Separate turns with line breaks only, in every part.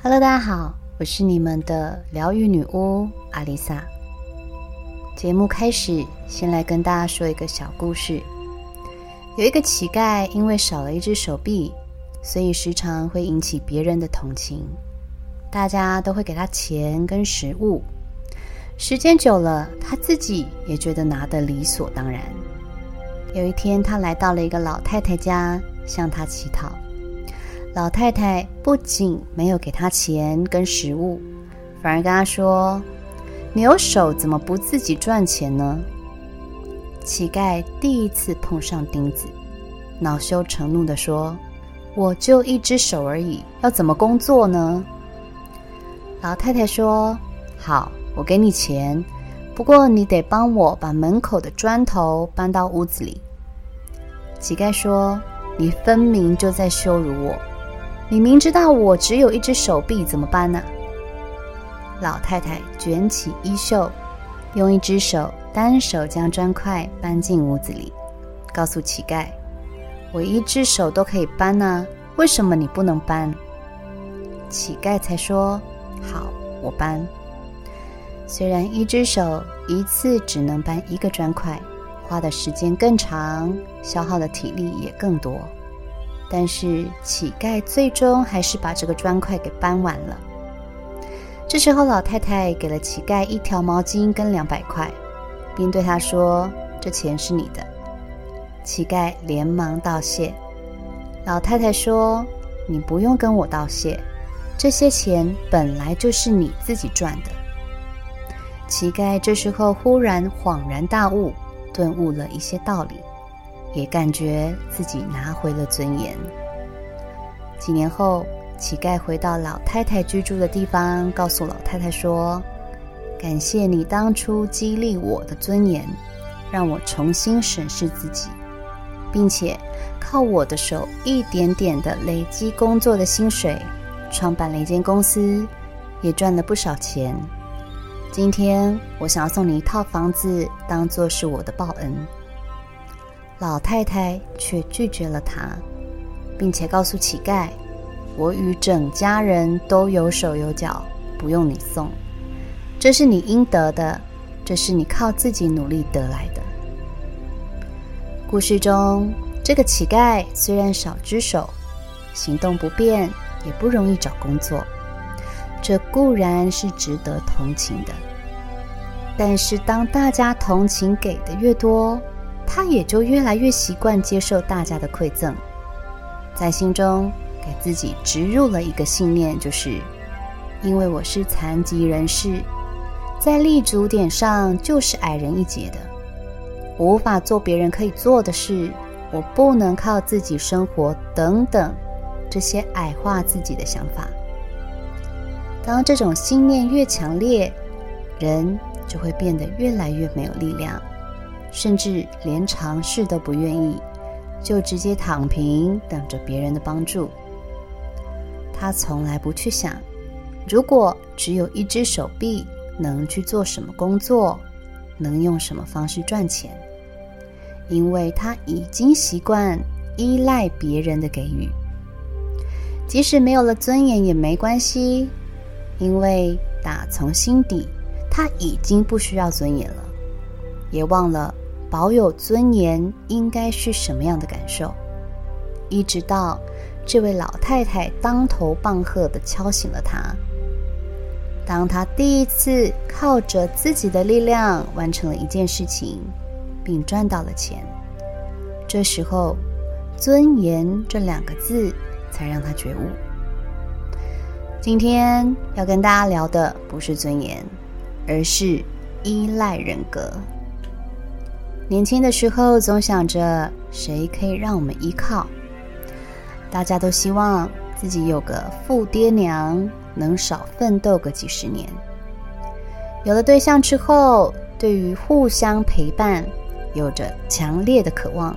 Hello，大家好，我是你們的療癒女巫阿麗薩。節目開始，先來跟大家說一個小故事。有一個乞丐，因為少了一隻手臂，所以時常會引起別人的同情，大家都會給他錢跟食物。時間久了，他自己也覺得拿得理所當然。有一天，他來到了一個老太太家，向她乞討。老太太不僅沒有給他錢跟食物，反而跟他說：“你有手，怎麼不自己賺錢呢？”乞丐第一次碰上釘子，惱羞成怒地說：“我就一只手而已，要怎麼工作呢？”老太太說：“好，我給你錢，不過你得幫我把門口的磚頭搬到屋子裡。”乞丐說：“你分明就在羞辱我。”你明知道我只有一隻手臂，怎麼辦呢？老太太捲起衣袖，用一隻手單手將磚塊搬進屋子裡，告訴乞丐：“我一隻手都可以搬呢，為什麼你不能搬？”乞丐才說：“好，我搬。”雖然一隻手一次只能搬一個磚塊，花的時間更長，消耗的體力也更多。但是乞丐最終還是把這個磚塊給搬完了。這時候，老太太給了乞丐一條毛巾跟兩百塊，並對他說：“這錢是你的。”乞丐連忙道謝。老太太說：“你不用跟我道謝，這些錢本來就是你自己賺的。”乞丐這時候忽然恍然大悟，頓悟了一些道理。也感覺自己拿回了尊嚴。幾年後，乞丐回到老太太居住的地方，告訴老太太說：“感謝你當初激勵我的尊嚴，讓我重新審視自己，並且靠我的手一點點的累積工作的薪水，創辦了一間公司，也賺了不少錢。今天，我想要送你一套房子，當做是我的報恩。”老太太卻拒絕了他，並且告訴乞丐：“我與整家人都有手有腳，不用你送，這是你應得的，這是你靠自己努力得來的。”故事中，這個乞丐雖然少隻手，行動不便，也不容易找工作，這固然是值得同情的。但是，當大家同情給的越多，他也就越來越習慣接受大家的饋贈，在心中給自己植入了一個信念，就是因為我是殘疾人士，在立足點上就是矮人一截的，我無法做別人可以做的事，我不能靠自己生活等等，這些矮化自己的想法。當這種信念越強烈，人就會變得越來越沒有力量。甚至連嘗試都不願意，就直接躺平，等着別人的幫助。他從來不去想，如果只有一隻手臂，能去做什麼工作，能用什麼方式賺錢，因為他已經習慣依賴別人的給予。即使沒有了尊嚴也沒關係，因為打從心底，他已經不需要尊嚴了，也忘了。保有尊嚴應該是什麼樣的感受？一直到這位老太太當頭棒喝的敲醒了他。當他第一次靠着自己的力量完成了一件事情，並賺到了錢，這時候“尊嚴”這兩個字才讓他覺悟。今天要跟大家聊的不是尊嚴，而是依賴人格。年輕的時候，總想着誰可以讓我們依靠。大家都希望自己有個富爹娘，能少奮鬥個幾十年。有了對象之後，對於互相陪伴有着強烈的渴望，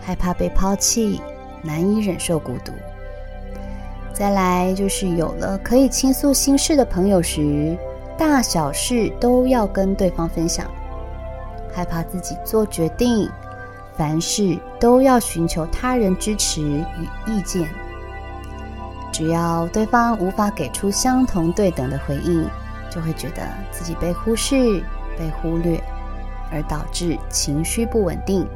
害怕被拋棄，難以忍受孤獨。再來就是有了可以傾訴心事的朋友時，大小事都要跟對方分享。害怕自己做決定，凡事都要尋求他人支持與意見。只要對方無法給出相同對等的回應，就會覺得自己被忽視、被忽略，而導致情緒不穩定，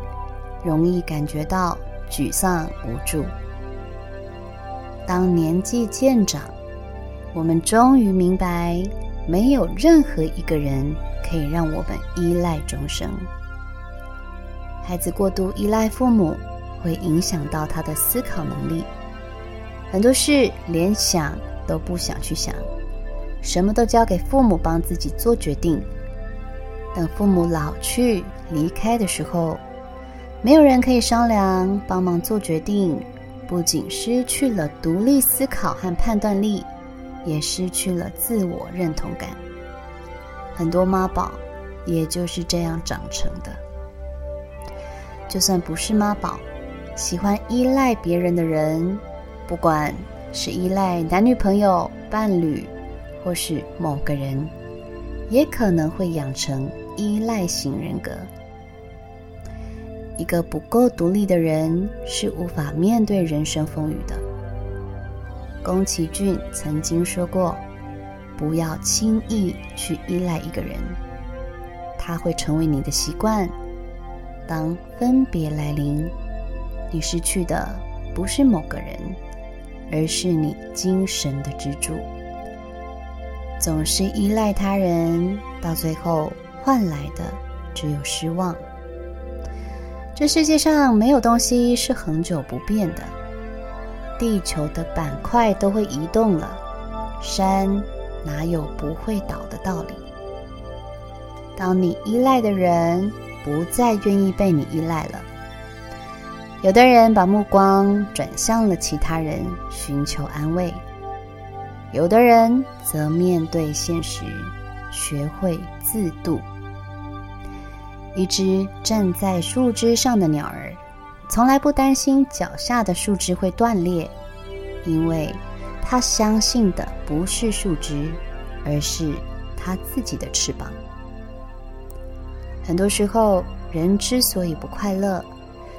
容易感覺到沮喪無助。當年紀漸長，我們終於明白，沒有任何一個人。可以讓我們依賴終生。孩子過度依賴父母，會影響到他的思考能力，很多事連想都不想去想，什麼都交給父母幫自己做決定。等父母老去離開的時候，沒有人可以商量、幫忙做決定，不僅失去了獨立思考和判斷力，也失去了自我認同感。很多媽寶，也就是這樣長成的。就算不是媽寶，喜歡依賴別人的人，不管是依賴男女朋友、伴侶，或是某個人，也可能會養成依賴型人格。一個不夠獨立的人，是無法面對人生風雨的。宮崎駿曾經說過。不要輕易去依賴一個人，他會成為你的習慣。當分別來臨，你失去的不是某個人，而是你精神的支柱。總是依賴他人，到最後換來的只有失望。這世界上沒有東西是恆久不變的，地球的板塊都會移動了，山，哪有不會倒的道理？當你依賴的人不再願意被你依賴了，有的人把目光轉向了其他人，尋求安慰，有的人則面對現實，學會自渡。一隻站在樹枝上的鳥兒，從來不擔心腳下的樹枝會斷裂，因為。他相信的不是樹枝，而是他自己的翅膀。很多時候，人之所以不快樂，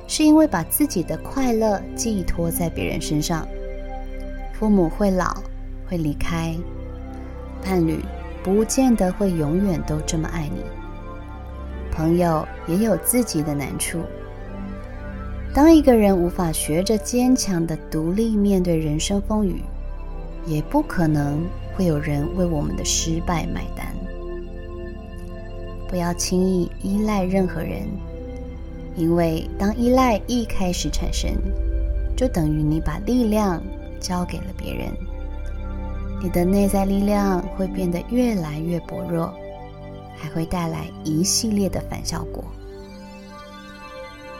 是因為把自己的快樂寄託在別人身上。父母會老，會離開；伴侶不見得會永遠都這麼愛你；朋友也有自己的難處。當一個人無法學着堅強地獨立面對人生風雨，也不可能會有人為我們的失敗買單。不要輕易依賴任何人，因為當依賴一開始產生，就等於你把力量交給了別人，你的內在力量會變得越來越薄弱，還會帶來一系列的反效果。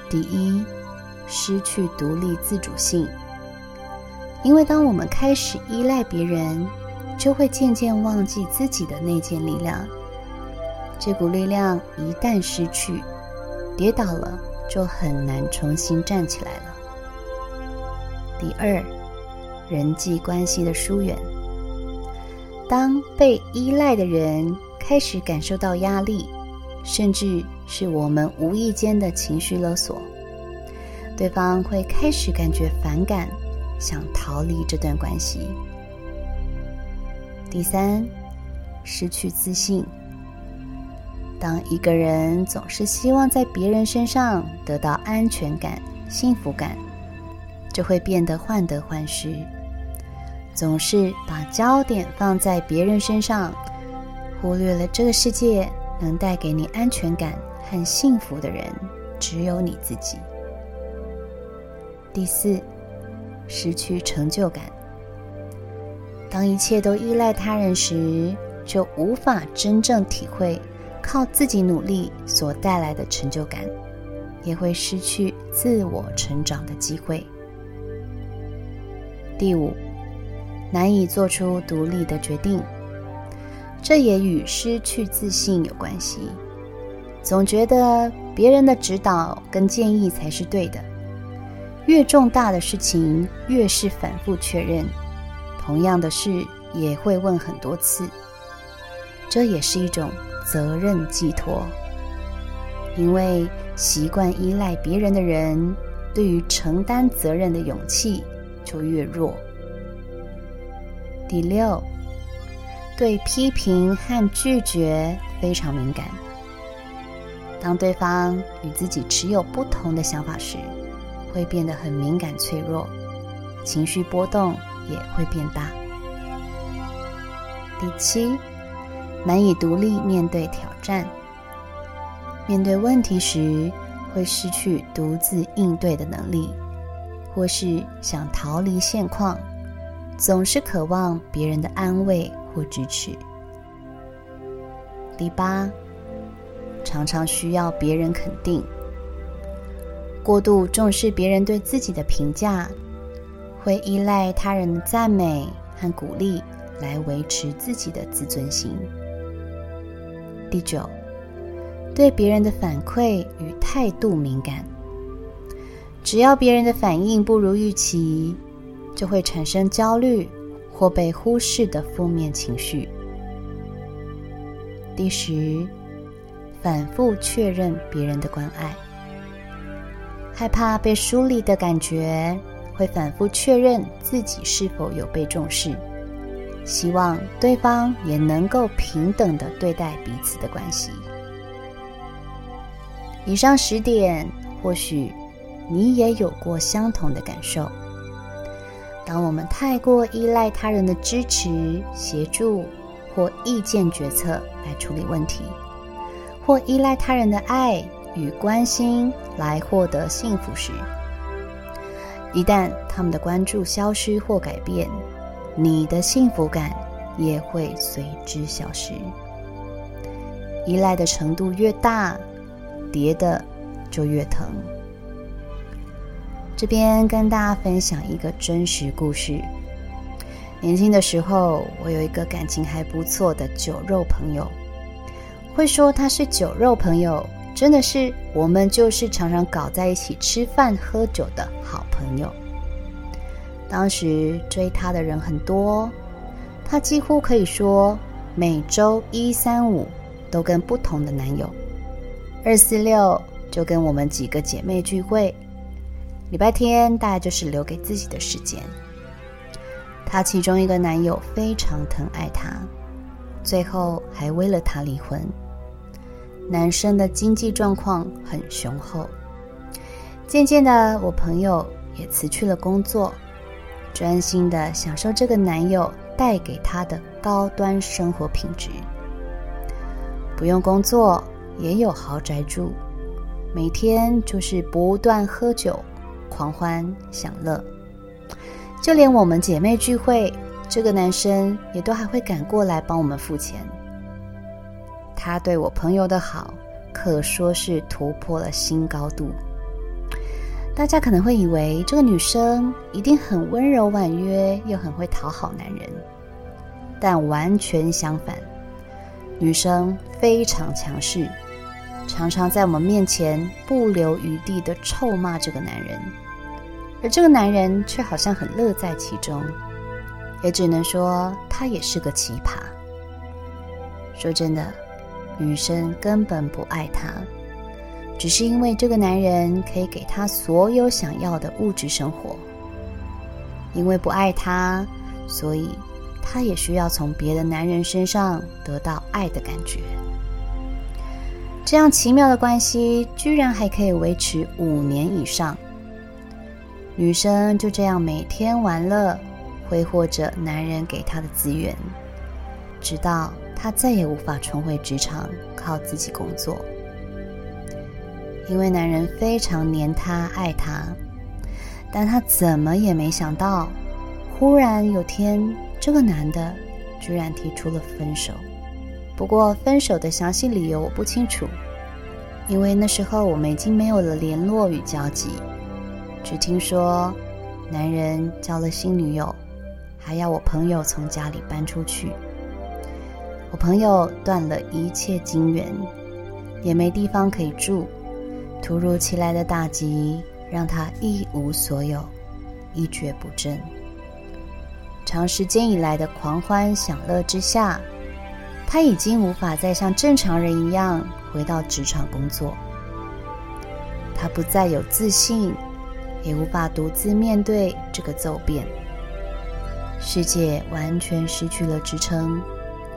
第一，失去獨立自主性。因為當我們開始依賴別人，就會漸漸忘記自己的內在力量。這股力量一旦失去，跌倒了，就很難重新站起來了。第二，人際關係的疏遠。當被依賴的人開始感受到壓力，甚至是我們無意間的情緒勒索，對方會開始感覺反感。想逃離這段關係。第三，失去自信。當一個人總是希望在別人身上得到安全感、幸福感，就會變得患得患失，總是把焦點放在別人身上，忽略了這個世界能帶給你安全感和幸福的人只有你自己。第四，失去成就感。當一切都依賴他人時，就無法真正體會靠自己努力所帶來的成就感，也會失去自我成長的機會。第五，難以做出獨立的決定，這也與失去自信有關係，總覺得別人的指導跟建議才是對的。越重大的事情越是反覆確認，同樣的事也會問很多次。這也是一種責任寄託，因為習慣依賴別人的人，對於承擔責任的勇氣就越弱。第六，對批評和拒絕非常敏感。當對方與自己持有不同的想法時，會變得很敏感脆弱，情緒波動也會變大。第七，難以獨立面對挑戰，面對問題時會失去獨自應對的能力，或是想逃離現況，總是渴望別人的安慰或支持。第八，常常需要別人肯定。過度重視別人對自己的評價，會依賴他人的讚美和鼓勵來維持自己的自尊心。第九，對別人的反饋與態度敏感，只要別人的反應不如預期，就會產生焦慮或被忽視的負面情緒。第十，反復確認別人的關愛。害怕被疏離的感覺，會反覆確認自己是否有被重視，希望對方也能夠平等的對待彼此的關係。以上十點，或許你也有過相同的感受。當我們太過依賴他人的支持、協助或意見決策來處理問題，或依賴他人的愛。與關心來獲得幸福時，一旦他們的關注消失或改變，你的幸福感也會隨之消失。依賴的程度越大，跌的就越疼。這邊跟大家分享一個真實故事。年輕的時候，我有一個感情還不錯的酒肉朋友，為會說他是酒肉朋友。真的是，我們就是常常搞在一起吃飯喝酒的好朋友。當時追她的人很多，她幾乎可以說每周一、三、五都跟不同的男友，二、四、六就跟我們幾個姐妹聚會，禮拜天大概就是留給自己的時間。她其中一個男友非常疼愛她，最後還為了她離婚。男生的經濟狀況很雄厚，漸漸的，我朋友也辭去了工作，專心的享受這個男友帶給她的高端生活品質。不用工作，也有豪宅住，每天就是不斷喝酒、狂歡、享樂，就連我們姐妹聚會，這個男生也都還會趕過來幫我們付錢。他對我朋友的好，可說是突破了新高度。大家可能會以為這個女生一定很溫柔婉約，又很會討好男人，但完全相反，女生非常強勢，常常在我們面前不留餘地地臭罵這個男人，而這個男人卻好像很樂在其中，也只能說他也是個奇葩。說真的。女生根本不愛他，只是因為這個男人可以給她所有想要的物質生活。因為不愛他，所以她也需要從別的男人身上得到愛的感覺。這樣奇妙的關係居然還可以維持五年以上。女生就這樣每天玩樂，揮霍着男人給她的資源，直到……他再也無法重回職場，靠自己工作，因為男人非常黏他，愛他，但他怎麼也沒想到，忽然有天，這個男的居然提出了分手。不過分手的詳細理由我不清楚，因為那時候我們已經沒有了聯絡與交集，只聽說男人交了新女友，還要我朋友從家裡搬出去。我朋友斷了一切金源，也沒地方可以住。突如其來的打擊讓他一無所有，一蹶不振。長時間以來的狂歡享樂之下，他已經無法再像正常人一樣回到職場工作。他不再有自信，也無法獨自面對這個驟變。世界完全失去了支撐。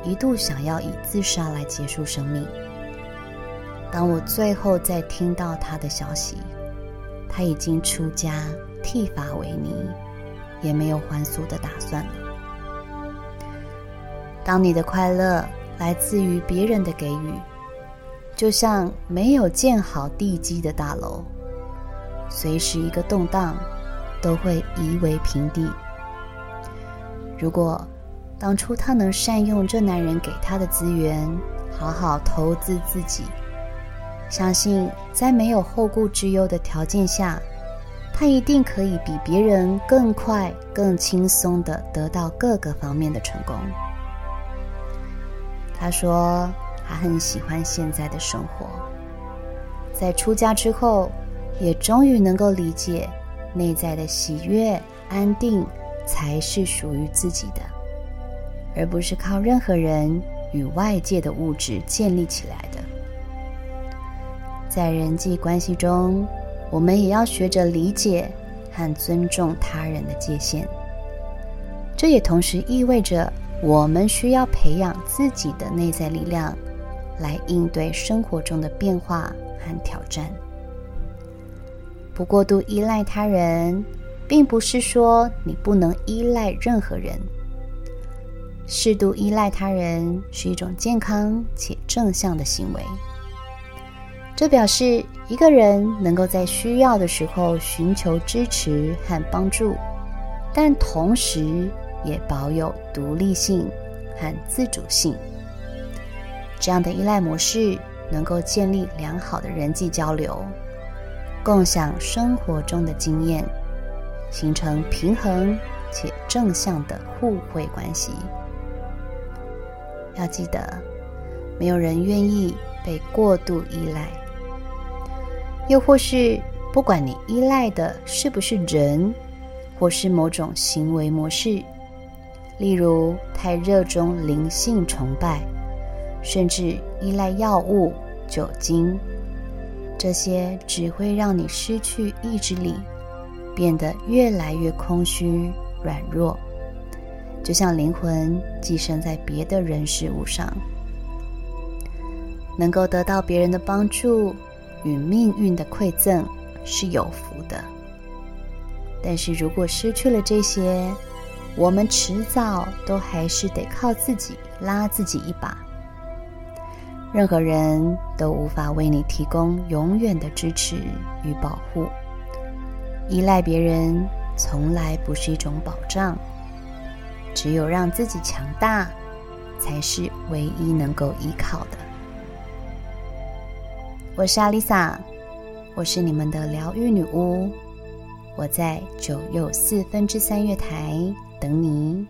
一度想要以自殺來結束生命。當我最後再聽到他的消息，他已經出家剃髮為尼，也沒有還俗的打算了。當你的快樂來自於別人的給予，就像沒有建好地基的大樓，隨時一個動盪都會夷為平地。如果。當初他能善用這男人給他的資源，好好投資自己，相信在沒有後顧之憂的條件下，他一定可以比別人更快、更輕鬆地得到各個方面的成功。他說他很喜歡現在的生活，在出家之後，也終於能夠理解，內在的喜悅、安定才是屬於自己的。而不是靠任何人與外界的物質建立起來的。在人際關係中，我們也要學着理解和尊重他人的界限。這也同時意味着，我們需要培養自己的內在力量，來應對生活中的變化和挑戰。不過度依賴他人，並不是說你不能依賴任何人。適度依賴他人是一種健康且正向的行為。這表示一個人能夠在需要的時候尋求支持和幫助，但同時也保有獨立性和自主性。這樣的依賴模式能夠建立良好的人際交流，共享生活中的經驗，形成平衡且正向的互惠關係。要記得，沒有人願意被過度依賴。又或是，不管你依賴的是不是人，或是某種行為模式，例如太熱衷靈性崇拜，甚至依賴藥物、酒精，這些只會讓你失去意志力，變得越來越空虛軟弱。就像靈魂寄生在別的人事物上，能夠得到別人的幫助與命運的饋贈是有福的。但是如果失去了這些，我們遲早都還是得靠自己拉自己一把。任何人都無法為你提供永遠的支持與保護，依賴別人從來不是一種保障。只有讓自己強大，才是唯一能夠依靠的。我是阿麗薩，我是你們的療癒女巫，我在九又四分之三月台等你。